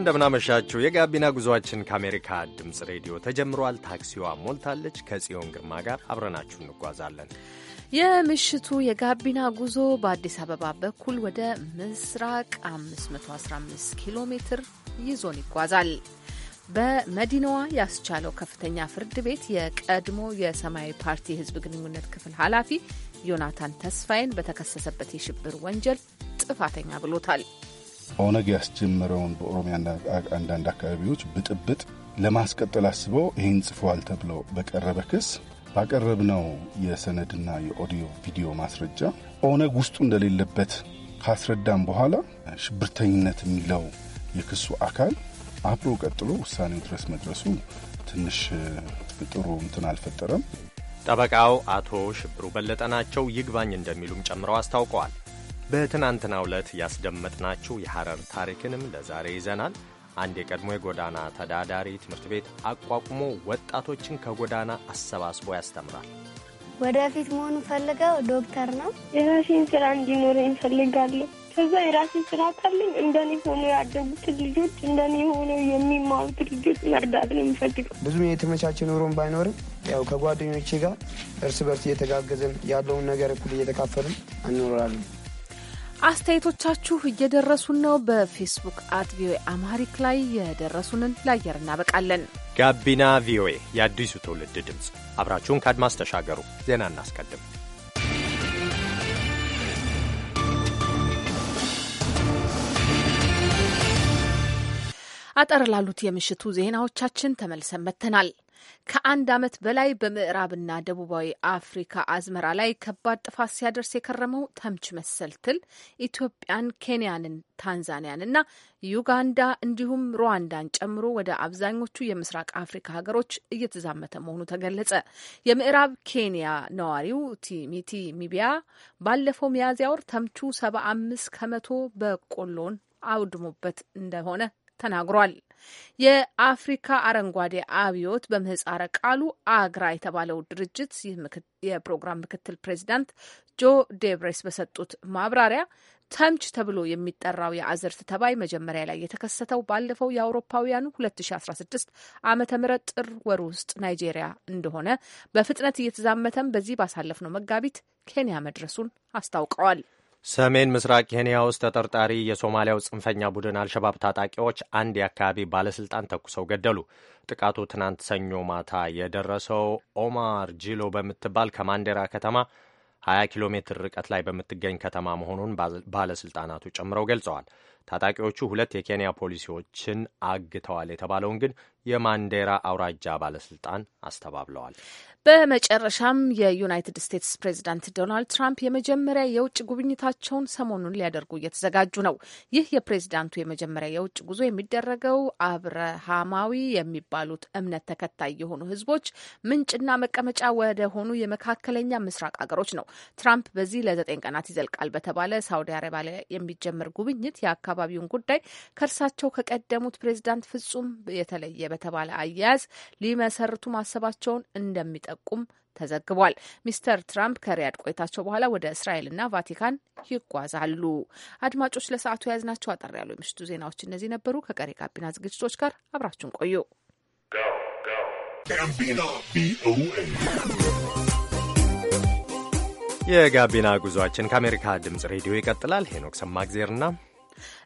እንደምናመሻችሁ የጋቢና ጉዞአችን ከአሜሪካ ድምፅ ሬዲዮ ተጀምሯል። ታክሲዋ ሞልታለች። ከጽዮን ግርማ ጋር አብረናችሁ እንጓዛለን። የምሽቱ የጋቢና ጉዞ በአዲስ አበባ በኩል ወደ ምስራቅ 515 ኪሎ ሜትር ይዞን ይጓዛል። በመዲናዋ ያስቻለው ከፍተኛ ፍርድ ቤት የቀድሞ የሰማያዊ ፓርቲ የህዝብ ግንኙነት ክፍል ኃላፊ ዮናታን ተስፋዬን በተከሰሰበት የሽብር ወንጀል ጥፋተኛ ብሎታል። ኦነግ ያስጀመረውን በኦሮሚያ አንዳንድ አካባቢዎች ብጥብጥ ለማስቀጠል አስበው ይህን ጽፏል ተብሎ በቀረበ ክስ ባቀረብነው የሰነድና የኦዲዮ ቪዲዮ ማስረጃ ኦነግ ውስጡ እንደሌለበት ካስረዳም በኋላ ሽብርተኝነት የሚለው የክሱ አካል አብሮ ቀጥሎ ውሳኔው ድረስ መድረሱ ትንሽ ጥሩ እንትን አልፈጠረም። ጠበቃው አቶ ሽብሩ በለጠ ናቸው። ይግባኝ እንደሚሉም ጨምረው አስታውቀዋል። በትናንትናው ዕለት ያስደመጥናችሁ የሐረር ታሪክንም ለዛሬ ይዘናል። አንድ የቀድሞ የጎዳና ተዳዳሪ ትምህርት ቤት አቋቁሞ ወጣቶችን ከጎዳና አሰባስቦ ያስተምራል። ወደፊት መሆኑ ፈልገው ዶክተር ነው። የራሴን ስራ እንዲኖረ እፈልጋለሁ። ከዛ የራሴን ስራ ካለኝ እንደኔ ሆኖ ያደጉት ልጆች እንደኔ ሆኖ የሚማሩት ልጆች መርዳት ነው የሚፈልገው። ብዙም የተመቻቸ ኑሮም ባይኖርም ያው ከጓደኞቼ ጋር እርስ በርስ እየተጋገዘን ያለውን ነገር እኩል እየተካፈልን እንኖራለን። አስተያየቶቻችሁ እየደረሱን ነው። በፌስቡክ አት ቪኦኤ አማሪክ ላይ የደረሱንን ለአየር እናበቃለን። ጋቢና ቪኦኤ የአዲሱ ትውልድ ድምፅ፣ አብራችሁን ከአድማስ ተሻገሩ። ዜና እናስቀድም። አጠር ላሉት የምሽቱ ዜናዎቻችን ተመልሰን መጥተናል። ከአንድ ዓመት በላይ በምዕራብና ደቡባዊ አፍሪካ አዝመራ ላይ ከባድ ጥፋት ሲያደርስ የከረመው ተምች መሰል ትል ኢትዮጵያን፣ ኬንያንን፣ ና ዩጋንዳ እንዲሁም ሩዋንዳን ጨምሮ ወደ አብዛኞቹ የምስራቅ አፍሪካ ሀገሮች እየተዛመተ መሆኑ ተገለጸ። የምዕራብ ኬንያ ነዋሪው ቲሚቲ ሚቢያ ባለፈው ሚያዝያ ወር ተምቹ ሰባ አምስት ከመቶ በቆሎን አውድሞበት እንደሆነ ተናግሯል። የአፍሪካ አረንጓዴ አብዮት በምህጻረ ቃሉ አግራ የተባለው ድርጅት ይህ የፕሮግራም ምክትል ፕሬዚዳንት ጆ ዴብሬስ በሰጡት ማብራሪያ ተምች ተብሎ የሚጠራው የአዝርት ተባይ መጀመሪያ ላይ የተከሰተው ባለፈው የአውሮፓውያኑ 2016 ዓመተ ምህረት ጥር ወር ውስጥ ናይጄሪያ እንደሆነ በፍጥነት እየተዛመተም በዚህ ባሳለፍነው መጋቢት ኬንያ መድረሱን አስታውቀዋል። ሰሜን ምስራቅ ኬንያ ውስጥ ተጠርጣሪ የሶማሊያው ጽንፈኛ ቡድን አልሸባብ ታጣቂዎች አንድ የአካባቢ ባለሥልጣን ተኩሰው ገደሉ። ጥቃቱ ትናንት ሰኞ ማታ የደረሰው ኦማር ጂሎ በምትባል ከማንዴራ ከተማ 20 ኪሎ ሜትር ርቀት ላይ በምትገኝ ከተማ መሆኑን ባለሥልጣናቱ ጨምረው ገልጸዋል። ታጣቂዎቹ ሁለት የኬንያ ፖሊሲዎችን አግተዋል የተባለውን ግን የማንዴራ አውራጃ ባለስልጣን አስተባብለዋል። በመጨረሻም የዩናይትድ ስቴትስ ፕሬዚዳንት ዶናልድ ትራምፕ የመጀመሪያ የውጭ ጉብኝታቸውን ሰሞኑን ሊያደርጉ እየተዘጋጁ ነው። ይህ የፕሬዚዳንቱ የመጀመሪያ የውጭ ጉዞ የሚደረገው አብርሃማዊ የሚባሉት እምነት ተከታይ የሆኑ ህዝቦች ምንጭና መቀመጫ ወደ ሆኑ የመካከለኛ ምስራቅ አገሮች ነው። ትራምፕ በዚህ ለዘጠኝ ቀናት ይዘልቃል በተባለ ሳውዲ አረቢያ ላይ የሚጀምር ጉብኝት የአካባቢውን ጉዳይ ከእርሳቸው ከቀደሙት ፕሬዚዳንት ፍጹም የተለየ በተባለ አያያዝ ሊመሰርቱ ማሰባቸውን እንደሚጠ እንደሚጠቁም ተዘግቧል። ሚስተር ትራምፕ ከሪያድ ቆይታቸው በኋላ ወደ እስራኤልና ቫቲካን ይጓዛሉ። አድማጮች፣ ለሰዓቱ የያዝናቸው አጠር ያሉ የምሽቱ ዜናዎች እነዚህ ነበሩ። ከቀሪ ጋቢና ዝግጅቶች ጋር አብራችሁን ቆዩ። የጋቢና ጉዟችን ከአሜሪካ ድምጽ ሬዲዮ ይቀጥላል። ሄኖክ ሰማግዜርና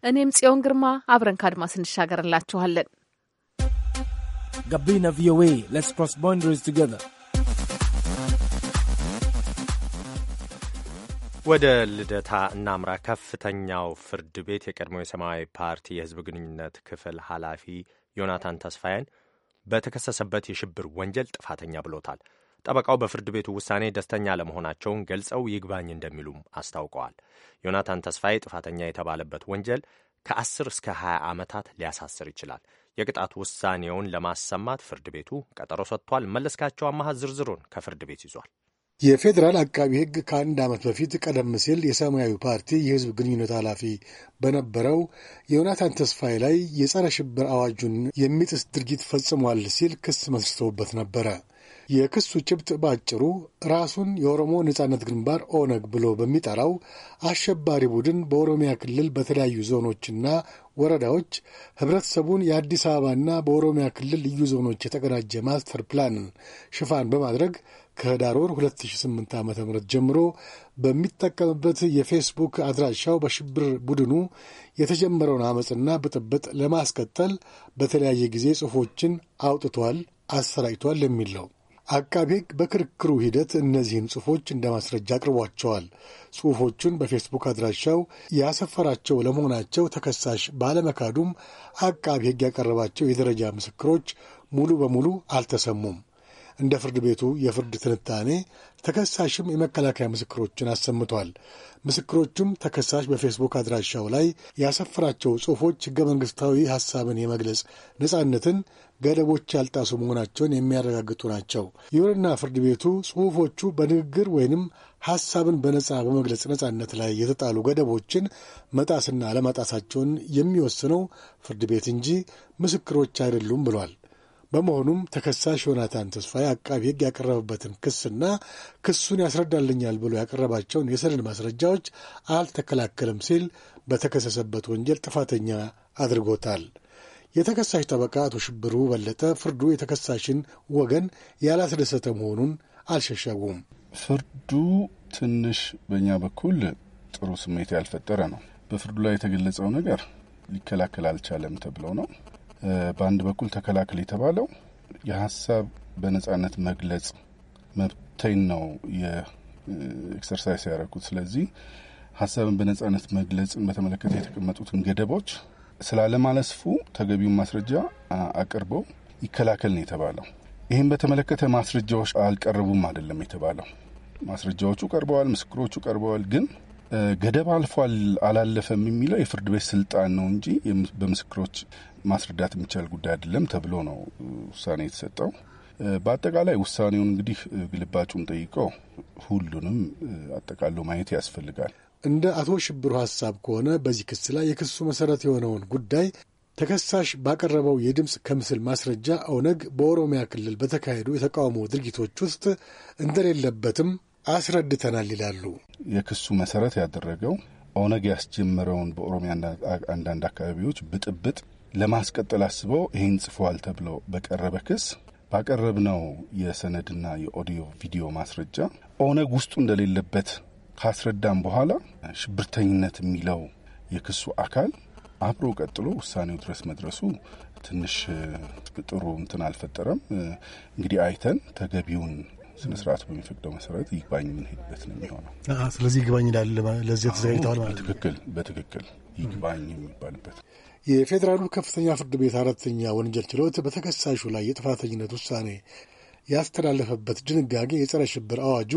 እኔም ጽዮን ግርማ አብረን ከአድማስ ስንሻገርላችኋለን። ጋቢና ቪኦኤ ስ ፕሮስ ባውንደሪስ ቱገር ወደ ልደታ እናምራ። ከፍተኛው ፍርድ ቤት የቀድሞ የሰማያዊ ፓርቲ የህዝብ ግንኙነት ክፍል ኃላፊ ዮናታን ተስፋዬን በተከሰሰበት የሽብር ወንጀል ጥፋተኛ ብሎታል። ጠበቃው በፍርድ ቤቱ ውሳኔ ደስተኛ ለመሆናቸውን ገልጸው ይግባኝ እንደሚሉም አስታውቀዋል። ዮናታን ተስፋዬ ጥፋተኛ የተባለበት ወንጀል ከ10 እስከ 20 ዓመታት ሊያሳስር ይችላል። የቅጣት ውሳኔውን ለማሰማት ፍርድ ቤቱ ቀጠሮ ሰጥቷል። መለስካቸው አማሃ ዝርዝሩን ከፍርድ ቤት ይዟል። የፌዴራል አቃቢ ሕግ ከአንድ ዓመት በፊት ቀደም ሲል የሰማያዊ ፓርቲ የሕዝብ ግንኙነት ኃላፊ በነበረው የዮናታን ተስፋዬ ላይ የጸረ ሽብር አዋጁን የሚጥስ ድርጊት ፈጽሟል ሲል ክስ መስርቶበት ነበረ። የክሱ ጭብጥ ባጭሩ ራሱን የኦሮሞ ነጻነት ግንባር ኦነግ ብሎ በሚጠራው አሸባሪ ቡድን በኦሮሚያ ክልል በተለያዩ ዞኖችና ወረዳዎች ህብረተሰቡን የአዲስ አበባና በኦሮሚያ ክልል ልዩ ዞኖች የተቀናጀ ማስተር ፕላንን ሽፋን በማድረግ ከህዳር ወር 2008 ዓ ም ጀምሮ በሚጠቀምበት የፌስቡክ አድራሻው በሽብር ቡድኑ የተጀመረውን አመፅና ብጥብጥ ለማስቀጠል በተለያየ ጊዜ ጽሑፎችን አውጥቷል፣ አሰራጭቷል የሚል ነው። አቃቢ ሕግ በክርክሩ ሂደት እነዚህን ጽሑፎች እንደ ማስረጃ አቅርቧቸዋል። ጽሑፎቹን በፌስቡክ አድራሻው ያሰፈራቸው ለመሆናቸው ተከሳሽ ባለመካዱም አቃቢ ሕግ ያቀረባቸው የደረጃ ምስክሮች ሙሉ በሙሉ አልተሰሙም። እንደ ፍርድ ቤቱ የፍርድ ትንታኔ ተከሳሽም የመከላከያ ምስክሮችን አሰምቷል። ምስክሮቹም ተከሳሽ በፌስቡክ አድራሻው ላይ ያሰፈራቸው ጽሑፎች ሕገ መንግሥታዊ ሐሳብን የመግለጽ ነጻነትን ገደቦች ያልጣሱ መሆናቸውን የሚያረጋግጡ ናቸው። ይሁንና ፍርድ ቤቱ ጽሑፎቹ በንግግር ወይንም ሐሳብን በነጻ በመግለጽ ነጻነት ላይ የተጣሉ ገደቦችን መጣስና ለመጣሳቸውን የሚወስነው ፍርድ ቤት እንጂ ምስክሮች አይደሉም ብሏል። በመሆኑም ተከሳሽ ዮናታን ተስፋዬ አቃቢ ሕግ ያቀረበበትን ክስና ክሱን ያስረዳልኛል ብሎ ያቀረባቸውን የሰነድ ማስረጃዎች አልተከላከልም ሲል በተከሰሰበት ወንጀል ጥፋተኛ አድርጎታል። የተከሳሽ ጠበቃ አቶ ሽብሩ በለጠ ፍርዱ የተከሳሽን ወገን ያላስደሰተ መሆኑን አልሸሸጉም። ፍርዱ ትንሽ በእኛ በኩል ጥሩ ስሜት ያልፈጠረ ነው። በፍርዱ ላይ የተገለጸው ነገር ሊከላከል አልቻለም ተብለው ነው በአንድ በኩል ተከላከል የተባለው የሀሳብ በነጻነት መግለጽ መብተኝ ነው የኤክሰርሳይስ ያደረኩት። ስለዚህ ሀሳብን በነጻነት መግለጽን በተመለከተ የተቀመጡትን ገደቦች ስላለማለስፉ ተገቢውን ማስረጃ አቅርበው ይከላከል ነው የተባለው። ይህም በተመለከተ ማስረጃዎች አልቀረቡም አይደለም የተባለው። ማስረጃዎቹ ቀርበዋል፣ ምስክሮቹ ቀርበዋል። ግን ገደብ አልፏል አላለፈም የሚለው የፍርድ ቤት ስልጣን ነው እንጂ በምስክሮች ማስረዳት የሚቻል ጉዳይ አይደለም ተብሎ ነው ውሳኔ የተሰጠው። በአጠቃላይ ውሳኔውን እንግዲህ ግልባጩን ጠይቀው ሁሉንም አጠቃሎ ማየት ያስፈልጋል። እንደ አቶ ሽብሩ ሀሳብ ከሆነ በዚህ ክስ ላይ የክሱ መሰረት የሆነውን ጉዳይ ተከሳሽ ባቀረበው የድምፅ ከምስል ማስረጃ ኦነግ በኦሮሚያ ክልል በተካሄዱ የተቃውሞ ድርጊቶች ውስጥ እንደሌለበትም አስረድተናል ይላሉ። የክሱ መሰረት ያደረገው ኦነግ ያስጀመረውን በኦሮሚያ አንዳንድ አካባቢዎች ብጥብጥ ለማስቀጠል አስበው ይህን ጽፏል ተብሎ በቀረበ ክስ ባቀረብነው የሰነድና የኦዲዮ ቪዲዮ ማስረጃ ኦነግ ውስጡ እንደሌለበት ካስረዳም በኋላ ሽብርተኝነት የሚለው የክሱ አካል አብሮ ቀጥሎ ውሳኔው ድረስ መድረሱ ትንሽ ጥሩ እንትን አልፈጠረም። እንግዲህ አይተን ተገቢውን ስነስርዓቱ በሚፈቅደው መሰረት ይግባኝ የምንሄድበት ነው የሚሆነው። ስለዚህ ይግባኝ ለዚህ ተዘጋጅተዋል ማለት ነው። በትክክል በትክክል ይግባኝ የሚባልበት። የፌዴራሉ ከፍተኛ ፍርድ ቤት አራተኛ ወንጀል ችሎት በተከሳሹ ላይ የጥፋተኝነት ውሳኔ ያስተላለፈበት ድንጋጌ የጸረ ሽብር አዋጁ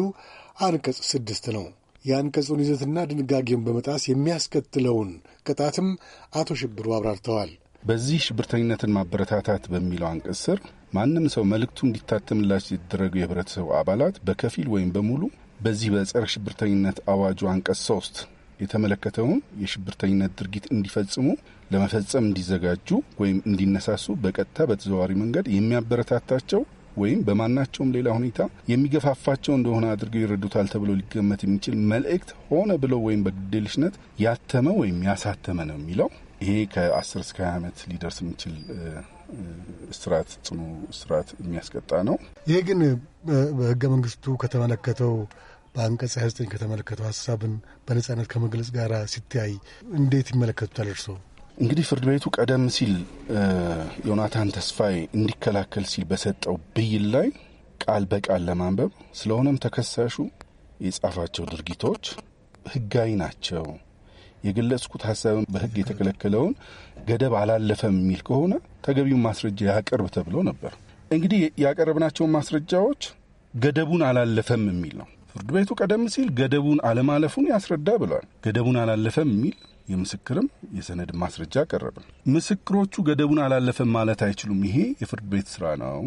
አንቀጽ ስድስት ነው። የአንቀጹን ይዘትና ድንጋጌውን በመጣስ የሚያስከትለውን ቅጣትም አቶ ሽብሩ አብራርተዋል። በዚህ ሽብርተኝነትን ማበረታታት በሚለው አንቀጽ ስር ማንም ሰው መልእክቱ እንዲታተምላቸው የተደረጉ የህብረተሰቡ አባላት በከፊል ወይም በሙሉ በዚህ በጸረ ሽብርተኝነት አዋጁ አንቀጽ ሶስት የተመለከተውን የሽብርተኝነት ድርጊት እንዲፈጽሙ ለመፈጸም እንዲዘጋጁ ወይም እንዲነሳሱ በቀጥታ በተዘዋዋሪ መንገድ የሚያበረታታቸው ወይም በማናቸውም ሌላ ሁኔታ የሚገፋፋቸው እንደሆነ አድርገው ይረዱታል ተብሎ ሊገመት የሚችል መልእክት ሆነ ብለው ወይም በግዴለሽነት ያተመ ወይም ያሳተመ ነው የሚለው ይሄ ከ10 እስከ 20 ዓመት ሊደርስ የሚችል ስርዓት ጽኑ ስርዓት የሚያስቀጣ ነው። ይሄ ግን በህገ መንግስቱ ከተመለከተው በአንቀጽ 29 ከተመለከተው ሀሳብን በነጻነት ከመግለጽ ጋር ሲተያይ እንዴት ይመለከቱታል እርሶ? እንግዲህ ፍርድ ቤቱ ቀደም ሲል ዮናታን ተስፋዬ እንዲከላከል ሲል በሰጠው ብይን ላይ ቃል በቃል ለማንበብ ስለሆነም ተከሳሹ የጻፋቸው ድርጊቶች ህጋዊ ናቸው፣ የገለጽኩት ሀሳብን በህግ የተከለከለውን ገደብ አላለፈም የሚል ከሆነ ተገቢውን ማስረጃ ያቀርብ ተብሎ ነበር። እንግዲህ ያቀረብናቸውን ማስረጃዎች ገደቡን አላለፈም የሚል ነው። ፍርድ ቤቱ ቀደም ሲል ገደቡን አለማለፉን ያስረዳ ብሏል። ገደቡን አላለፈም የሚል የምስክርም የሰነድ ማስረጃ ቀረበ። ምስክሮቹ ገደቡን አላለፈም ማለት አይችሉም። ይሄ የፍርድ ቤት ስራ ነው፣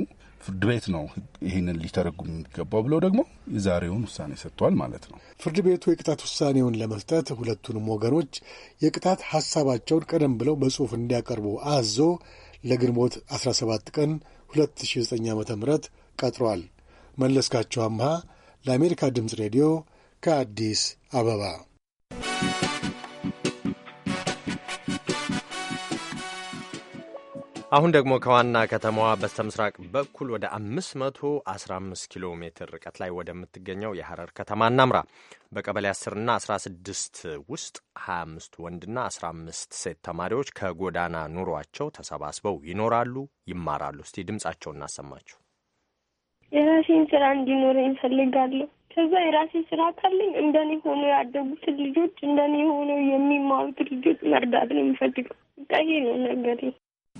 ፍርድ ቤት ነው ይህንን ሊተረጉም የሚገባው ብለው ደግሞ የዛሬውን ውሳኔ ሰጥቷል ማለት ነው። ፍርድ ቤቱ የቅጣት ውሳኔውን ለመስጠት ሁለቱንም ወገኖች የቅጣት ሀሳባቸውን ቀደም ብለው በጽሁፍ እንዲያቀርቡ አዞ ለግንቦት 17 ቀን 2009 ዓ ም ቀጥሯል። መለስካቸው አምሃ ለአሜሪካ ድምፅ ሬዲዮ ከአዲስ አበባ። አሁን ደግሞ ከዋና ከተማዋ በስተ ምስራቅ በኩል ወደ 515 ኪሎ ሜትር ርቀት ላይ ወደምትገኘው የሐረር ከተማ እናምራ። በቀበሌ 10ና 16 ውስጥ 25 ወንድና 15 ሴት ተማሪዎች ከጎዳና ኑሯቸው ተሰባስበው ይኖራሉ፣ ይማራሉ። እስቲ ድምፃቸው እናሰማችሁ። የራሴን ስራ እንዲኖረኝ እፈልጋለሁ። ከዛ የራሴ ስራ ካለኝ እንደኔ ሆኖ ያደጉትን ልጆች እንደኔ ሆኖ የሚማሩት ልጆች መርዳት ነው የምፈልገው። በቃ ይሄ ነው ነገሬ።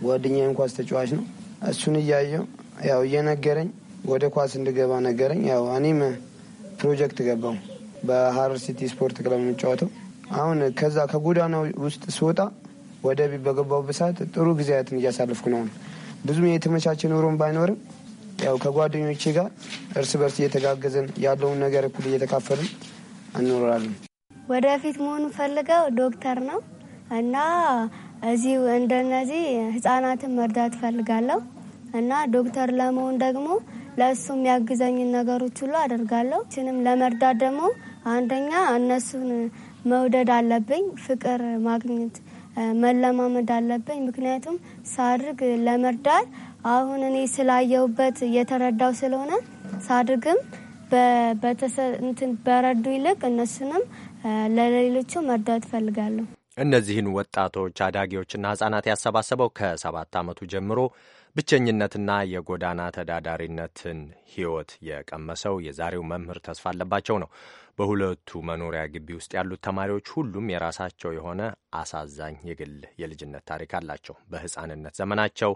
ጓደኛ ኳስ ተጫዋች ነው። እሱን እያየው ያው እየነገረኝ ወደ ኳስ እንድገባ ነገረኝ። ያው እኔም ፕሮጀክት ገባው በሀረር ሲቲ ስፖርት ክለብ የምጫወተው። አሁን ከዛ ከጎዳና ውስጥ ስወጣ ወደ ቤት በገባው ብሳት ጥሩ ጊዜያትን እያሳለፍኩ ነው። ብዙም የተመቻቸ ኑሮም ባይኖርም ያው ከጓደኞቼ ጋር እርስ በርስ እየተጋገዘን ያለውን ነገር እኩል እየተካፈልን እንኖራለን። ወደፊት መሆኑ ፈልገው ዶክተር ነው እና እዚህ እንደነዚህ ህጻናትን መርዳት ፈልጋለሁ እና ዶክተር ለመሆን ደግሞ ለእሱ የሚያግዘኝን ነገሮች ሁሉ አደርጋለሁ። ችንም ለመርዳት ደግሞ አንደኛ እነሱን መውደድ አለብኝ፣ ፍቅር ማግኘት መለማመድ አለብኝ። ምክንያቱም ሳድርግ ለመርዳት አሁን እኔ ስላየውበት እየተረዳው ስለሆነ ሳድግም በረዱ ይልቅ እነሱንም ለሌሎቹ መርዳት እፈልጋለሁ። እነዚህን ወጣቶች አዳጊዎችና ህጻናት ያሰባሰበው ከሰባት ዓመቱ ጀምሮ ብቸኝነትና የጎዳና ተዳዳሪነትን ህይወት የቀመሰው የዛሬው መምህር ተስፋ አለባቸው ነው። በሁለቱ መኖሪያ ግቢ ውስጥ ያሉት ተማሪዎች ሁሉም የራሳቸው የሆነ አሳዛኝ የግል የልጅነት ታሪክ አላቸው። በሕፃንነት ዘመናቸው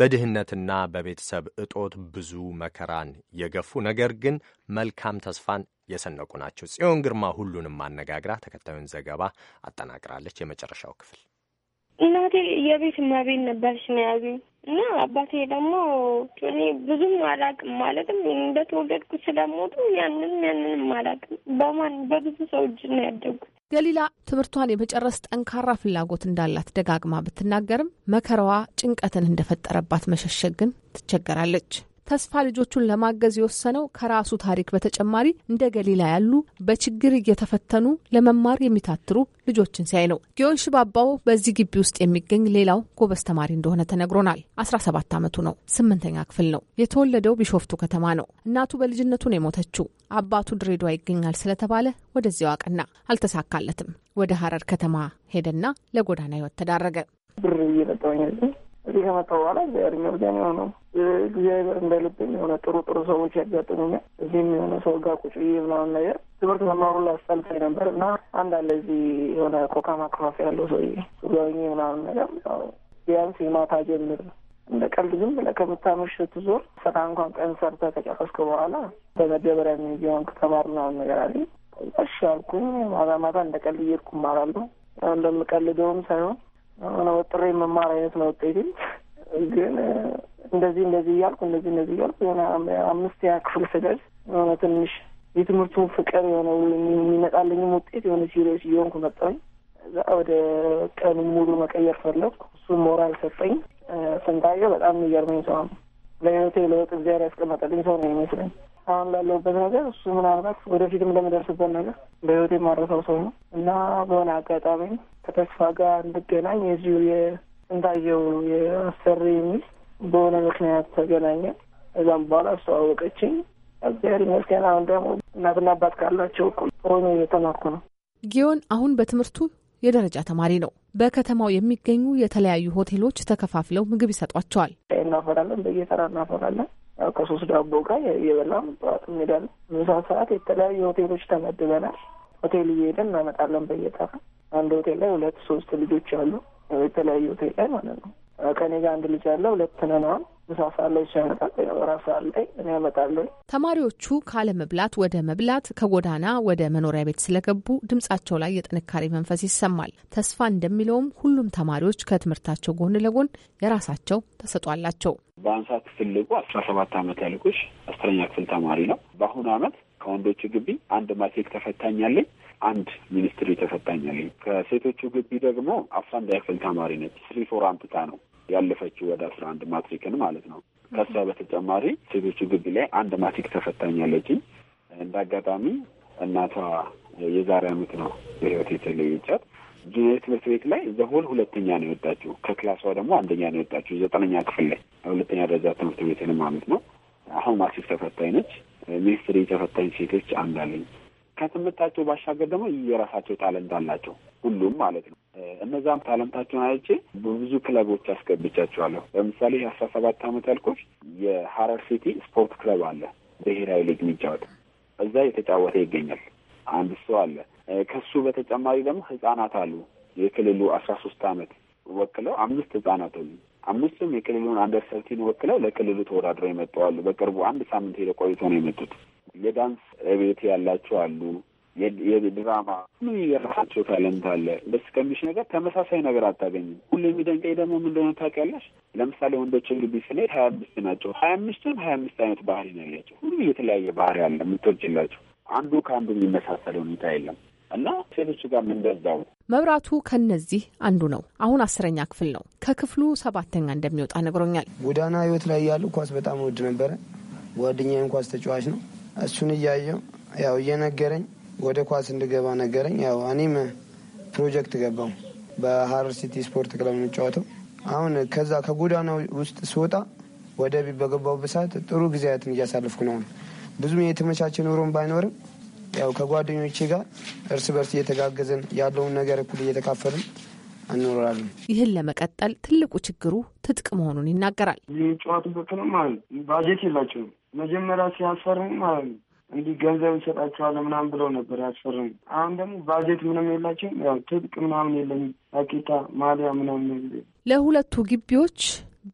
በድህነትና በቤተሰብ እጦት ብዙ መከራን የገፉ ነገር ግን መልካም ተስፋን የሰነቁ ናቸው። ጽዮን ግርማ ሁሉንም አነጋግራ ተከታዩን ዘገባ አጠናቅራለች። የመጨረሻው ክፍል እናቴ የቤት እመቤት ነበረች ነው ያሉኝ እና አባቴ ደግሞ እኔ ብዙም አላውቅም። ማለትም እንደተወለድኩ ስለሞቱ ያንንም ያንንም አላውቅም። በማን በብዙ ሰው እጅ ነው ያደጉት። ገሊላ ትምህርቷን የመጨረስ ጠንካራ ፍላጎት እንዳላት ደጋግማ ብትናገርም መከራዋ ጭንቀትን እንደፈጠረባት መሸሸግ ግን ትቸገራለች። ተስፋ ልጆቹን ለማገዝ የወሰነው ከራሱ ታሪክ በተጨማሪ እንደ ገሊላ ያሉ በችግር እየተፈተኑ ለመማር የሚታትሩ ልጆችን ሲያይ ነው። ጊዮን ሽባባው በዚህ ግቢ ውስጥ የሚገኝ ሌላው ጎበዝ ተማሪ እንደሆነ ተነግሮናል። 17 ዓመቱ ነው። ስምንተኛ ክፍል ነው። የተወለደው ቢሾፍቱ ከተማ ነው። እናቱ በልጅነቱ ነው የሞተችው። አባቱ ድሬዳዋ ይገኛል ስለተባለ ወደዚያው አቀና። አልተሳካለትም። ወደ ሀረር ከተማ ሄደና ለጎዳና ህይወት ተዳረገ። ብር እየጠጣሁኝ እዚህ ከመጣ በኋላ እግዚአብሔር ይመስገን የሆነው እግዚአብሔር እንደልብኝ የሆነ ጥሩ ጥሩ ሰዎች ያጋጥሙኛል። እዚህም የሆነ ሰው ጋር ቁጭ ብዬ ምናምን ነገር ትምህርት መማሩ ላስጠልፈኝ ነበር እና አንድ አለ እዚህ የሆነ ኮካ ማክፋፍ ያለው ሰውዬ ሱጋኝ ምናምን ነገር ቢያንስ የማታ ጀምር እንደ ቀልድ ዝም ብለህ ከምታመሽ ዞር ፈታ እንኳን ቀን ሰርተህ ከጨረስክ በኋላ በመደበሪያ የሚሆን ተማር ምናምን ነገር አለኝ። እሺ አልኩኝ። ማታ ማታ እንደ ቀልድ እየሄድኩ እማራለሁ። እንደምቀልደውም ሳይሆን ሆነ ወጥሬ መማር አይነት ነው ውጤቴ። ግን እንደዚህ እንደዚህ እያልኩ እንደዚህ እንደዚህ እያልኩ የሆነ አምስት ያ ክፍል ስደርስ የሆነ ትንሽ የትምህርቱን ፍቅር የሆነ የሚመጣልኝም ውጤት የሆነ ሲሪየስ እየሆንኩ መጣሁኝ። እዛ ወደ ቀኑ ሙሉ መቀየር ፈለኩ። እሱ ሞራል ሰጠኝ። ስንታየው በጣም የሚገርመኝ ሰው ነው። ለህይወቴ ለውጥ እግዚአብሔር ያስቀመጠልኝ ሰው ነው ይመስለኝ። አሁን ላለሁበት ነገር እሱ ምናልባት ወደፊትም ለምደርስበት ነገር በህይወት የማረሰው ሰው ነው እና በሆነ አጋጣሚ ከተስፋ ጋር እንድገናኝ የዚሁ የጥንታየው የአሰሪ የሚል በሆነ ምክንያት ተገናኘ። እዛም በኋላ አስተዋወቀችኝ። እግዚአብሔር ይመስገን። አሁን ደግሞ እናትና አባት ካላቸው እኩል ሆኖ እየተማርኩ ነው። ጊዮን አሁን በትምህርቱ የደረጃ ተማሪ ነው። በከተማው የሚገኙ የተለያዩ ሆቴሎች ተከፋፍለው ምግብ ይሰጧቸዋል። እናፈራለን፣ በየተራ እናፈራለን። ከሶስት ዳቦ ጋር እየበላን ጠዋት እንሄዳለን። ምሳ ሰዓት የተለያዩ ሆቴሎች ተመድበናል። ሆቴል እየሄደን እናመጣለን በየጠራ አንድ ሆቴል ላይ ሁለት ሶስት ልጆች አሉ። የተለያዩ ሆቴል ላይ ማለት ነው። ከኔ ጋር አንድ ልጅ ያለው ሁለት ነን ተማሪዎቹ ካለመብላት ወደ መብላት ከጎዳና ወደ መኖሪያ ቤት ስለገቡ ድምጻቸው ላይ የጥንካሬ መንፈስ ይሰማል። ተስፋ እንደሚለውም ሁሉም ተማሪዎች ከትምህርታቸው ጎን ለጎን የራሳቸው ተሰጧላቸው። በአንሳት ትልቁ አስራ ሰባት አመት ያልኩሽ አስረኛ ክፍል ተማሪ ነው። በአሁኑ አመት ከወንዶቹ ግቢ አንድ ማትሪክ ተፈታኛለኝ፣ አንድ ሚኒስትሪ ተፈታኛለኝ። ከሴቶቹ ግቢ ደግሞ አስራ አንድ ያክል ተማሪ ነች። ስሪ ፎር አምጥታ ነው ያለፈችው ወደ አስራ አንድ ማትሪክን ማለት ነው። ከሷ በተጨማሪ ሴቶቹ ግቢ ላይ አንድ ማትሪክ ተፈታኛለችኝ። እንደ አጋጣሚ እናቷ የዛሬ አመት ነው በህይወት የተለየቻት። ጁኒየር ትምህርት ቤት ላይ ዘሆል ሁለተኛ ነው የወጣችው። ከክላሷ ደግሞ አንደኛ ነው የወጣችው። ዘጠነኛ ክፍል ላይ ሁለተኛ ደረጃ ትምህርት ቤትን ማለት ነው። አሁን ማትሪክ ተፈታኝ ነች። ሚኒስትሪ የተፈታኝ ሴቶች አንዳለኝ ከትምህርታቸው ባሻገር ደግሞ የራሳቸው ታለንት አላቸው ሁሉም ማለት ነው። እነዛም ታለንታቸውን አይቼ በብዙ ክለቦች አስገብቻቸዋለሁ። ለምሳሌ አስራ ሰባት አመት ያልኮች የሀረር ሲቲ ስፖርት ክለብ አለ ብሔራዊ ሊግ የሚጫወት እዛ የተጫወተ ይገኛል። አንድ ሰው አለ። ከሱ በተጨማሪ ደግሞ ህጻናት አሉ። የክልሉ አስራ ሶስት አመት ወክለው አምስት ህጻናት አሉ። አምስቱም የክልሉን አንደር ሰርቲን ወክለው ለክልሉ ተወዳድረው የመጠዋሉ። በቅርቡ አንድ ሳምንት ሄደ ቆይቶ ነው የመጡት። የዳንስ ቤት ያላቸው አሉ። የድራማ ምን የራሳቸው ታለንት አለ። ደስ ከሚሽ ነገር ተመሳሳይ ነገር አታገኝም። ሁሉ የሚደንቀኝ ደግሞ ምን እንደሆነ ታውቂያለሽ? ለምሳሌ ወንዶች ግቢ ስንሄድ ሀያ አምስት ናቸው። ሀያ አምስቱም ሀያ አምስት አይነት ባህሪ ነው ያላቸው። ሁሉ የተለያየ ባህሪ አለ። የምትወጅላቸው አንዱ ከአንዱ የሚመሳሰል ሁኔታ የለም። እና ሴቶቹ ጋር የምንደዛው መብራቱ ከነዚህ አንዱ ነው። አሁን አስረኛ ክፍል ነው። ከክፍሉ ሰባተኛ እንደሚወጣ ነግሮኛል። ጎዳና ህይወት ላይ ያሉ ኳስ በጣም ውድ ነበረ። ጓደኛዬም ኳስ ተጫዋች ነው። እሱን እያየው ያው እየነገረኝ ወደ ኳስ እንድገባ ነገረኝ። ያው እኔም ፕሮጀክት ገባው። በሀረር ሲቲ ስፖርት ክለብ የምጫወተው አሁን ከዛ ከጎዳና ውስጥ ስወጣ ወደ ቤት በገባው ብሳት ጥሩ ጊዜያትን እያሳለፍኩ ነው። ብዙም የተመቻቸ ኑሮም ባይኖርም ያው ከጓደኞቼ ጋር እርስ በርስ እየተጋገዘን ያለውን ነገር እኩል እየተካፈልን እንኖራለን። ይህን ለመቀጠል ትልቁ ችግሩ ትጥቅ መሆኑን ይናገራል። የሚጫወቱበትንም ማለት ባጀት የላቸውም። መጀመሪያ ሲያስፈርሙ ማለት ነው እንዲህ ገንዘብ እንሰጣቸዋለን ምናምን ብለው ነበር ያስፈርሙ። አሁን ደግሞ ባጀት ምንም የላቸውም። ያው ትጥቅ ምናምን የለም፣ ታኬታ፣ ማሊያ ምናምን። ለሁለቱ ግቢዎች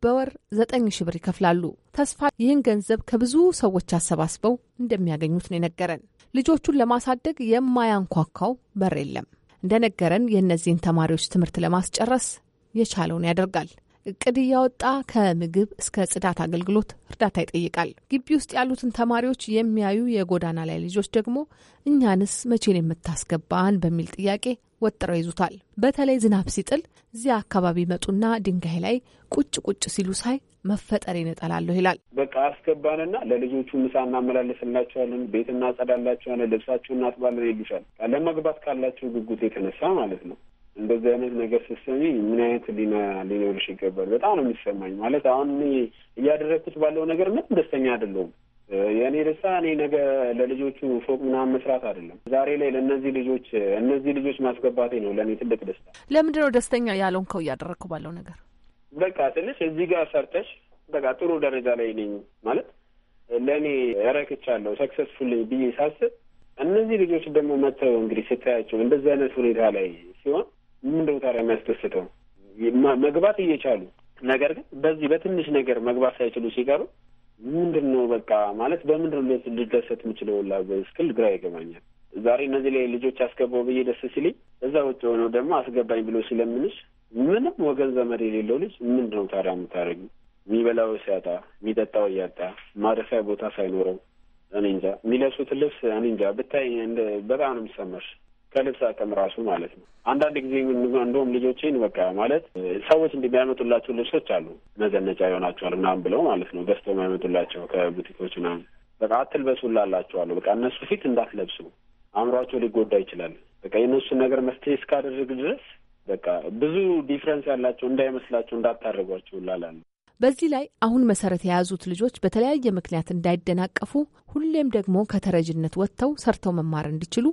በወር ዘጠኝ ሺህ ብር ይከፍላሉ። ተስፋ ይህን ገንዘብ ከብዙ ሰዎች አሰባስበው እንደሚያገኙት ነው የነገረን። ልጆቹን ለማሳደግ የማያንኳኳው በር የለም። እንደነገረን የእነዚህን ተማሪዎች ትምህርት ለማስጨረስ የቻለውን ያደርጋል። እቅድ እያወጣ ከምግብ እስከ ጽዳት አገልግሎት እርዳታ ይጠይቃል። ግቢ ውስጥ ያሉትን ተማሪዎች የሚያዩ የጎዳና ላይ ልጆች ደግሞ እኛንስ መቼን የምታስገባን በሚል ጥያቄ ወጥረው ይዙታል። በተለይ ዝናብ ሲጥል እዚያ አካባቢ መጡና ድንጋይ ላይ ቁጭ ቁጭ ሲሉ ሳይ መፈጠሬን እጠላለሁ ይላል። በቃ አስገባንና ለልጆቹ ምሳ እናመላለስላቸዋለን፣ ቤት እናጸዳላቸዋለን፣ ልብሳቸውን እናጥባለን ይሉሻል። ለመግባት ካላቸው ጉጉት የተነሳ ማለት ነው። እንደዚህ አይነት ነገር ስትሰሚ ምን አይነት ሊና ሊኖርሽ ይገባል? በጣም ነው የሚሰማኝ። ማለት አሁን እያደረግኩት ባለው ነገር ምንም ደስተኛ አይደለሁም። የእኔ ደስታ እኔ ነገ ለልጆቹ ፎቅ ምናምን መስራት አይደለም፣ ዛሬ ላይ ለእነዚህ ልጆች እነዚህ ልጆች ማስገባቴ ነው ለእኔ ትልቅ ደስታ። ለምንድን ነው ደስተኛ ከው እያደረግኩ ባለው ነገር? በቃ ትንሽ እዚህ ጋር ሰርተሽ በቃ ጥሩ ደረጃ ላይ ነኝ ማለት ለእኔ ረክቻለሁ ሰክሰስፉል ብዬ ሳስብ እነዚህ ልጆች ደግሞ መጥተው እንግዲህ ስታያቸው እንደዚህ አይነት ሁኔታ ላይ ሲሆን ምንድነው ታዲያ የሚያስደስተው? መግባት እየቻሉ ነገር ግን በዚህ በትንሽ ነገር መግባት ሳይችሉ ሲቀሩ ምንድን ነው በቃ ማለት በምንድን ነው ልደሰት የምችለው ላ ስክል ግራ ይገባኛል። ዛሬ እነዚህ ላይ ልጆች አስገባው ብዬ ደስ ሲልኝ እዛ ውጭ ሆነው ደግሞ አስገባኝ ብሎ ሲለምንሽ ምንም ወገን ዘመድ የሌለው ልጅ ምንድን ነው ታዲያ የምታደርጊው? የሚበላው ሲያጣ፣ የሚጠጣው እያጣ፣ ማረፊያ ቦታ ሳይኖረው እኔ እንጃ። ልብስ እኔ እንጃ ብታይ በጣም ነው የሚሰመር ከልብስ አቅም ራሱ ማለት ነው። አንዳንድ ጊዜ እንደውም ልጆቼን በቃ ማለት ሰዎች እንደሚያመጡላቸው ልብሶች አሉ መዘነጫ ይሆናቸዋል ምናምን ብለው ማለት ነው ገዝተው የሚያመጡላቸው ከቡቲኮች ምናምን በቃ አትልበሱላ አላቸዋለሁ። በቃ እነሱ ፊት እንዳትለብሱ አእምሯቸው ሊጎዳ ይችላል። በቃ የእነሱን ነገር መፍትሄ እስካደርግ ድረስ በቃ ብዙ ዲፍረንስ ያላቸው እንዳይመስላቸው እንዳታረጓቸው ላላለ በዚህ ላይ አሁን መሰረት የያዙት ልጆች በተለያየ ምክንያት እንዳይደናቀፉ ሁሌም ደግሞ ከተረጅነት ወጥተው ሰርተው መማር እንዲችሉ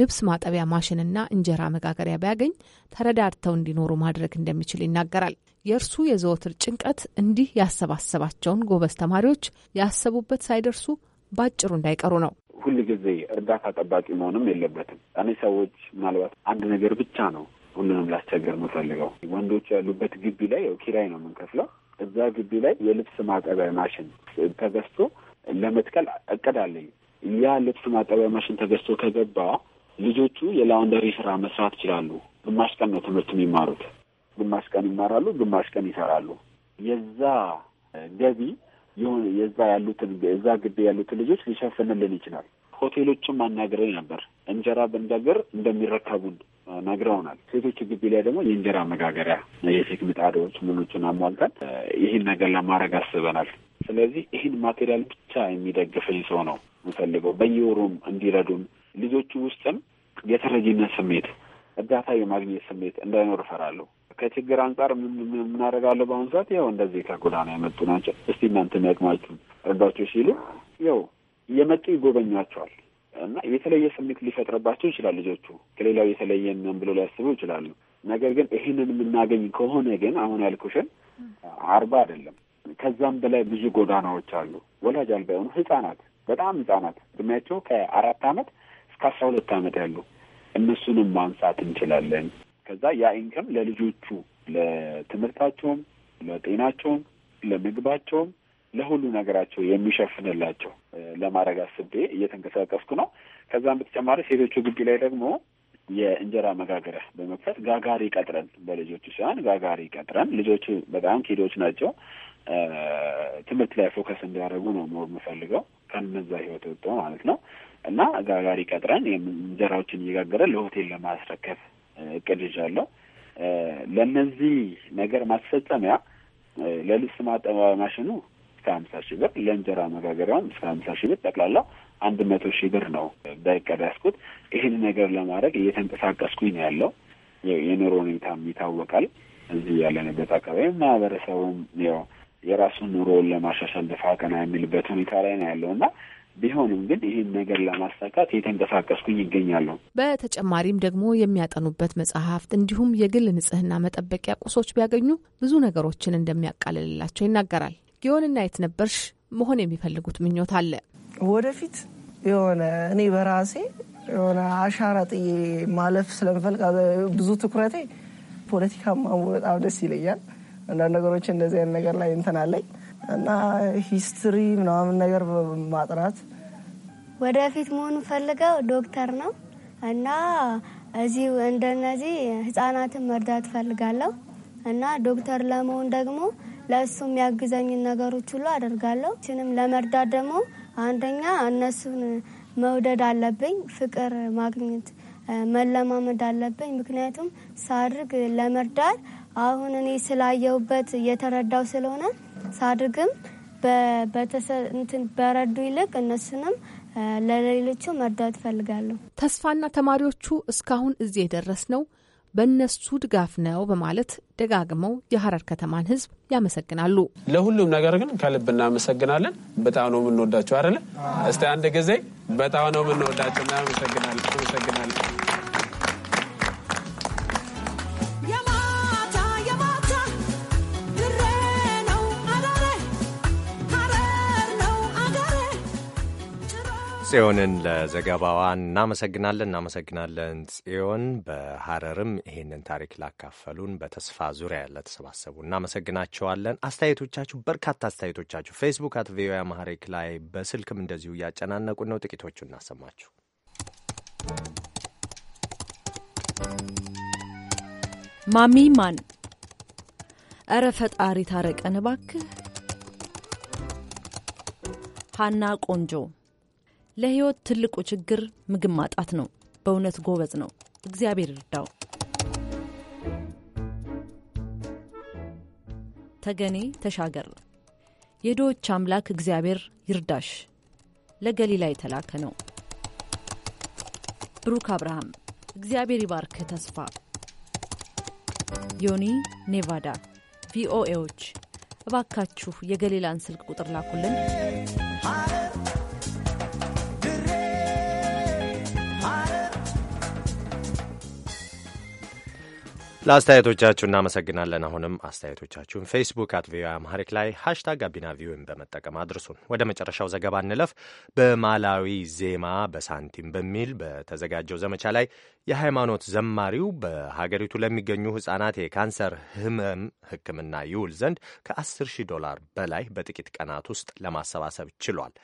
ልብስ ማጠቢያ ማሽንና እንጀራ መጋገሪያ ቢያገኝ ተረዳድተው እንዲኖሩ ማድረግ እንደሚችል ይናገራል። የእርሱ የዘወትር ጭንቀት እንዲህ ያሰባሰባቸውን ጎበዝ ተማሪዎች ያሰቡበት ሳይደርሱ ባጭሩ እንዳይቀሩ ነው። ሁል ጊዜ እርዳታ ጠባቂ መሆንም የለበትም። እኔ ሰዎች ምናልባት አንድ ነገር ብቻ ነው ሁሉንም ላስቸገር ነው ወንዶች ያሉበት ግቢ ላይ ያው ኪራይ ነው የምንከፍለው። እዛ ግቢ ላይ የልብስ ማጠቢያ ማሽን ተገዝቶ ለመትከል እቅድ ያ ልብስ ማጠቢያ ማሽን ተገዝቶ ከገባ ልጆቹ የላውንደሪ ስራ መስራት ይችላሉ። ግማሽ ቀን ነው ትምህርት የሚማሩት፣ ግማሽ ቀን ይማራሉ፣ ግማሽ ቀን ይሰራሉ። የዛ ገቢ የሆነ የዛ ያሉትን እዛ ግቢ ያሉትን ልጆች ሊሸፍንልን ይችላል። ሆቴሎችም አናግረኝ ነበር እንጀራ ብንጋግር እንደሚረከቡን ነግረውናል። ሴቶች ግቢ ላይ ደግሞ የእንጀራ መጋገሪያ የሴት ምጣዶች ምኖቹን አሟልተን ይህን ነገር ለማድረግ አስበናል። ስለዚህ ይህን ማቴሪያል ብቻ የሚደግፈኝ ሰው ነው የምፈልገው። በየወሩም እንዲረዱን ልጆቹ ውስጥም የተረጂነት ስሜት እርዳታ የማግኘት ስሜት እንዳይኖር እፈራለሁ። ከችግር አንጻር የምናደርጋለሁ በአሁኑ ሰዓት ያው እንደዚህ ከጎዳና የመጡ ናቸው። እስቲ እናንተ የሚያቅማችሁ እርዳቸው ሲሉ ያው የመጡ ይጎበኟቸዋል። እና የተለየ ስሜት ሊፈጥርባቸው ይችላል። ልጆቹ ከሌላው የተለየ ነን ብሎ ሊያስቡ ይችላሉ። ነገር ግን ይህንን የምናገኝ ከሆነ ግን አሁን ያልኩሽን አርባ አይደለም ከዛም በላይ ብዙ ጎዳናዎች አሉ። ወላጅ አልባ የሆኑ ህጻናት፣ በጣም ህጻናት እድሜያቸው ከአራት አመት እስከ አስራ ሁለት አመት ያሉ እነሱንም ማንሳት እንችላለን። ከዛ ያ ኢንከም ለልጆቹ ለትምህርታቸውም፣ ለጤናቸውም፣ ለምግባቸውም ለሁሉ ነገራቸው የሚሸፍንላቸው ለማድረግ አስቤ እየተንቀሳቀስኩ ነው። ከዛም በተጨማሪ ሴቶቹ ግቢ ላይ ደግሞ የእንጀራ መጋገሪያ በመክፈት ጋጋሪ ቀጥረን በልጆቹ ሳይሆን ጋጋሪ ቀጥረን ልጆቹ በጣም ኪዶች ናቸው። ትምህርት ላይ ፎከስ እንዲያደርጉ ነው ሞር የምፈልገው ከነዛ ህይወት ወጥቶ ማለት ነው። እና ጋጋሪ ቀጥረን እንጀራዎችን እየጋገረን ለሆቴል ለማስረከብ እቅድ ይዣለሁ። ለእነዚህ ነገር ማስፈጸሚያ ለልብስ ማጠቢያ ማሽኑ እስከ ሀምሳ ሺህ ብር ለእንጀራ መጋገሪያውም እስከ ሀምሳ ሺህ ብር ጠቅላላ አንድ መቶ ሺህ ብር ነው በእቅድ ያስኩት። ይህን ነገር ለማድረግ እየተንቀሳቀስኩኝ ነው ያለው። የኑሮ ሁኔታም ይታወቃል። እዚህ ያለንበት አካባቢ ማህበረሰቡም ያው የራሱን ኑሮውን ለማሻሻል ደፋ ቀና የሚልበት ሁኔታ ላይ ነው ያለው እና ቢሆንም ግን ይህን ነገር ለማሳካት የተንቀሳቀስኩኝ ይገኛሉ። በተጨማሪም ደግሞ የሚያጠኑበት መጽሐፍት እንዲሁም የግል ንጽህና መጠበቂያ ቁሶች ቢያገኙ ብዙ ነገሮችን እንደሚያቃልልላቸው ይናገራል። የሆንና የተነበርሽ መሆን የሚፈልጉት ምኞት አለ። ወደፊት የሆነ እኔ በራሴ የሆነ አሻራ ጥዬ ማለፍ ስለምፈልግ ብዙ ትኩረቴ ፖለቲካ በጣም ደስ ይለኛል። አንዳንድ ነገሮች እንደዚህ አይነት ነገር ላይ እንትን አለኝ እና ሂስትሪ ምናምን ነገር ማጥናት ወደፊት መሆኑ ፈልገው ዶክተር ነው እና እዚህ እንደነዚህ ህጻናትን መርዳት ፈልጋለሁ እና ዶክተር ለመሆን ደግሞ ለእሱ የሚያግዘኝን ነገሮች ሁሉ አደርጋለሁ። ችንም ለመርዳት ደግሞ አንደኛ እነሱን መውደድ አለብኝ፣ ፍቅር ማግኘት መለማመድ አለብኝ። ምክንያቱም ሳድርግ ለመርዳት አሁን እኔ ስላየውበት እየተረዳው ስለሆነ ሳድርግም በረዱ ይልቅ እነሱንም ለሌሎቹ መርዳት እፈልጋለሁ። ተስፋና ተማሪዎቹ እስካሁን እዚህ የደረስ ነው በእነሱ ድጋፍ ነው በማለት ደጋግመው የሀረር ከተማን ህዝብ ያመሰግናሉ። ለሁሉም ነገር ግን ከልብ እናመሰግናለን። በጣም ነው የምንወዳቸው አይደለ? እስቲ አንድ ጊዜ በጣም ነው የምንወዳቸው እናመሰግናለን። ጽዮንን ለዘገባዋ እናመሰግናለን። እናመሰግናለን ጽዮን። በሐረርም ይህንን ታሪክ ላካፈሉን በተስፋ ዙሪያ ለተሰባሰቡ እናመሰግናቸዋለን። አስተያየቶቻችሁ በርካታ አስተያየቶቻችሁ ፌስቡክ አት ቪኦኤ አማሪክ ላይ በስልክም እንደዚሁ እያጨናነቁን ነው። ጥቂቶቹ እናሰማችሁ። ማሚ ማን እረ ፈጣሪ ታረቀን ባክህ። ሀና ቆንጆ ለህይወት ትልቁ ችግር ምግብ ማጣት ነው። በእውነት ጎበዝ ነው። እግዚአብሔር ይርዳው። ተገኔ ተሻገር የድሆች አምላክ እግዚአብሔር ይርዳሽ ለገሊላ የተላከ ነው። ብሩክ አብርሃም እግዚአብሔር ይባርክ ተስፋ ዮኒ ኔቫዳ ቪኦኤዎች እባካችሁ የገሊላን ስልክ ቁጥር ላኩልን። ለአስተያየቶቻችሁ እናመሰግናለን። አሁንም አስተያየቶቻችሁን ፌስቡክ አት ቪኦኤ አማሪክ ላይ ሀሽታግ ጋቢና ቪኦኤን በመጠቀም አድርሱን። ወደ መጨረሻው ዘገባ እንለፍ። በማላዊ ዜማ በሳንቲም በሚል በተዘጋጀው ዘመቻ ላይ የሃይማኖት ዘማሪው በሀገሪቱ ለሚገኙ ሕጻናት የካንሰር ህመም ሕክምና ይውል ዘንድ ከ10 ሺህ ዶላር በላይ በጥቂት ቀናት ውስጥ ለማሰባሰብ ችሏል።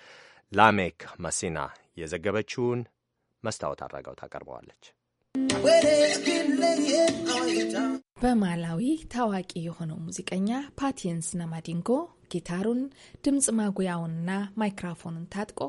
ላሜክ መሲና የዘገበችውን መስታወት አድራጋው ታቀርበዋለች። በማላዊ ታዋቂ የሆነው ሙዚቀኛ ፓቲንስ ናማዲንጎ ጊታሩን ድምፅ ማጉያውንና ማይክራፎኑን ታጥቆ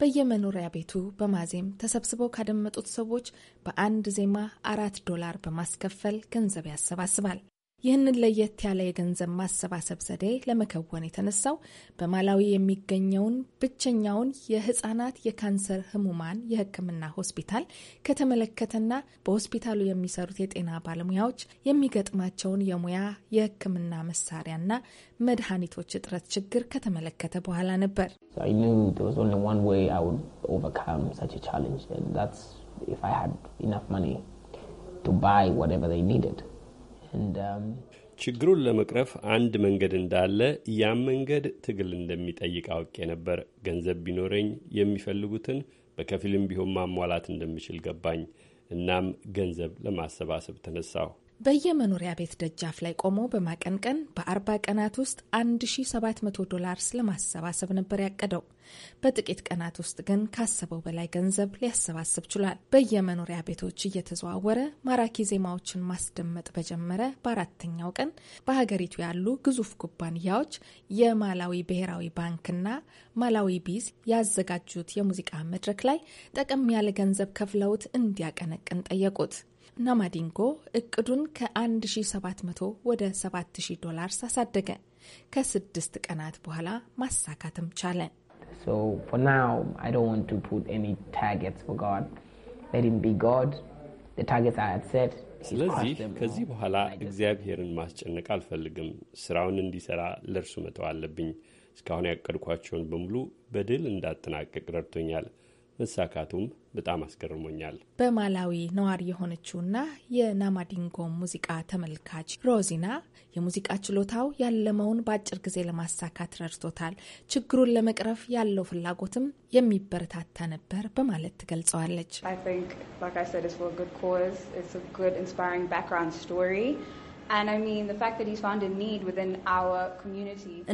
በየመኖሪያ ቤቱ በማዜም ተሰብስበው ካደመጡት ሰዎች በአንድ ዜማ አራት ዶላር በማስከፈል ገንዘብ ያሰባስባል። ይህንን ለየት ያለ የገንዘብ ማሰባሰብ ዘዴ ለመከወን የተነሳው በማላዊ የሚገኘውን ብቸኛውን የህጻናት የካንሰር ህሙማን የህክምና ሆስፒታል ከተመለከተና በሆስፒታሉ የሚሰሩት የጤና ባለሙያዎች የሚገጥማቸውን የሙያ የህክምና መሳሪያና መድኃኒቶች እጥረት ችግር ከተመለከተ በኋላ ነበር። ቻሌንጅ Um, ችግሩን ለመቅረፍ አንድ መንገድ እንዳለ ያም መንገድ ትግል እንደሚጠይቅ አውቄ ነበር። ገንዘብ ቢኖረኝ የሚፈልጉትን በከፊልም ቢሆን ማሟላት እንደምችል ገባኝ። እናም ገንዘብ ለማሰባሰብ ተነሳሁ። በየመኖሪያ ቤት ደጃፍ ላይ ቆሞ በማቀንቀን በአርባ ቀናት ውስጥ 1700 ዶላርስ ለማሰባሰብ ነበር ያቀደው። በጥቂት ቀናት ውስጥ ግን ካሰበው በላይ ገንዘብ ሊያሰባስብ ችሏል። በየመኖሪያ ቤቶች እየተዘዋወረ ማራኪ ዜማዎችን ማስደመጥ በጀመረ በአራተኛው ቀን በሀገሪቱ ያሉ ግዙፍ ኩባንያዎች የማላዊ ብሔራዊ ባንክና ማላዊ ቢዝ ያዘጋጁት የሙዚቃ መድረክ ላይ ጠቀም ያለ ገንዘብ ከፍለውት እንዲያቀነቅን ጠየቁት። ናማዲንጎ እቅዱን ከ1700 ወደ 7000 ዶላር አሳደገ። ከስድስት ቀናት በኋላ ማሳካትም ቻለ። ስለዚህ ከዚህ በኋላ እግዚአብሔርን ማስጨነቅ አልፈልግም። ስራውን እንዲሰራ ለእርሱ መተው አለብኝ። እስካሁን ያቀድኳቸውን በሙሉ በድል እንዳጠናቀቅ ረድቶኛል። መሳካቱም በጣም አስገርሞኛል። በማላዊ ነዋሪ የሆነችውና የናማዲንጎ ሙዚቃ ተመልካች ሮዚና የሙዚቃ ችሎታው ያለመውን በአጭር ጊዜ ለማሳካት ረድቶታል፣ ችግሩን ለመቅረፍ ያለው ፍላጎትም የሚበረታታ ነበር በማለት ትገልጸዋለች።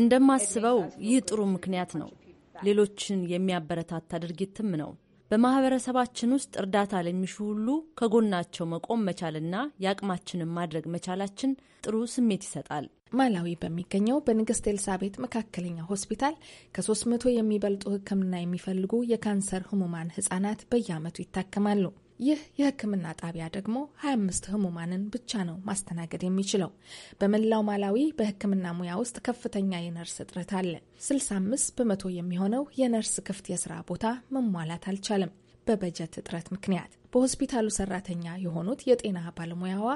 እንደማስበው ይህ ጥሩ ምክንያት ነው። ሌሎችን የሚያበረታታ ድርጊትም ነው። በማህበረሰባችን ውስጥ እርዳታ ለሚሹ ሁሉ ከጎናቸው መቆም መቻልና የአቅማችንን ማድረግ መቻላችን ጥሩ ስሜት ይሰጣል። ማላዊ በሚገኘው በንግስት ኤልሳቤት መካከለኛ ሆስፒታል ከ300 የሚበልጡ ሕክምና የሚፈልጉ የካንሰር ህሙማን ህጻናት በየዓመቱ ይታከማሉ። ይህ የሕክምና ጣቢያ ደግሞ 25 ህሙማንን ብቻ ነው ማስተናገድ የሚችለው። በመላው ማላዊ በሕክምና ሙያ ውስጥ ከፍተኛ የነርስ እጥረት አለ። 65 በመቶ የሚሆነው የነርስ ክፍት የስራ ቦታ መሟላት አልቻለም በበጀት እጥረት ምክንያት። በሆስፒታሉ ሰራተኛ የሆኑት የጤና ባለሙያዋ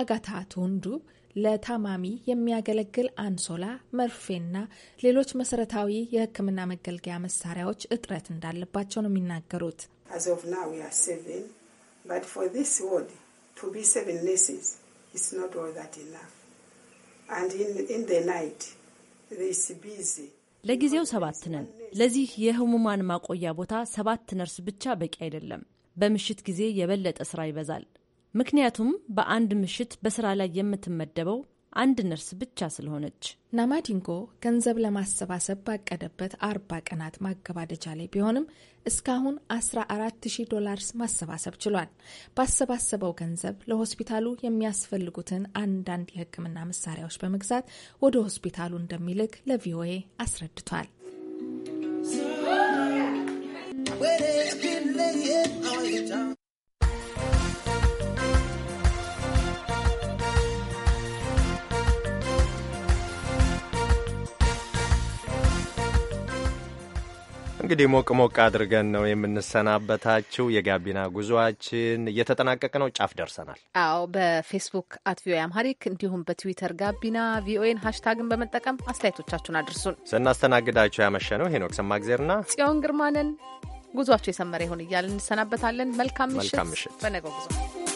አጋታ ቱንዱ ለታማሚ የሚያገለግል አንሶላ፣ መርፌና ሌሎች መሰረታዊ የህክምና መገልገያ መሳሪያዎች እጥረት እንዳለባቸው ነው የሚናገሩት። But for this word to be seven laces it's not all that enough. And in, in the night, this busy. ለጊዜው ሰባት ነን። ለዚህ የህሙማን ማቆያ ቦታ ሰባት ነርስ ብቻ በቂ አይደለም። በምሽት ጊዜ የበለጠ ስራ ይበዛል። ምክንያቱም በአንድ ምሽት በስራ ላይ የምትመደበው አንድ ነርስ ብቻ ስለሆነች። ናማዲንጎ ገንዘብ ለማሰባሰብ ባቀደበት አርባ ቀናት ማገባደጃ ላይ ቢሆንም እስካሁን 14,000 ዶላርስ ማሰባሰብ ችሏል። ባሰባሰበው ገንዘብ ለሆስፒታሉ የሚያስፈልጉትን አንዳንድ የሕክምና መሳሪያዎች በመግዛት ወደ ሆስፒታሉ እንደሚልክ ለቪኦኤ አስረድቷል። እንግዲህ ሞቅ ሞቅ አድርገን ነው የምንሰናበታችው የጋቢና ጉዞአችን እየተጠናቀቀ ነው፣ ጫፍ ደርሰናል። አዎ በፌስቡክ አት ቪኦኤ አምሃሪክ እንዲሁም በትዊተር ጋቢና ቪኦኤን ሃሽታግን በመጠቀም አስተያየቶቻችሁን አድርሱን። ስናስተናግዳችሁ ያመሸ ነው ሄኖክ ሰማግዜርና ጽዮን ግርማንን። ጉዟችሁ የሰመረ ይሁን እያል እንሰናበታለን። መልካም ምሽት። በነገው ጉዞ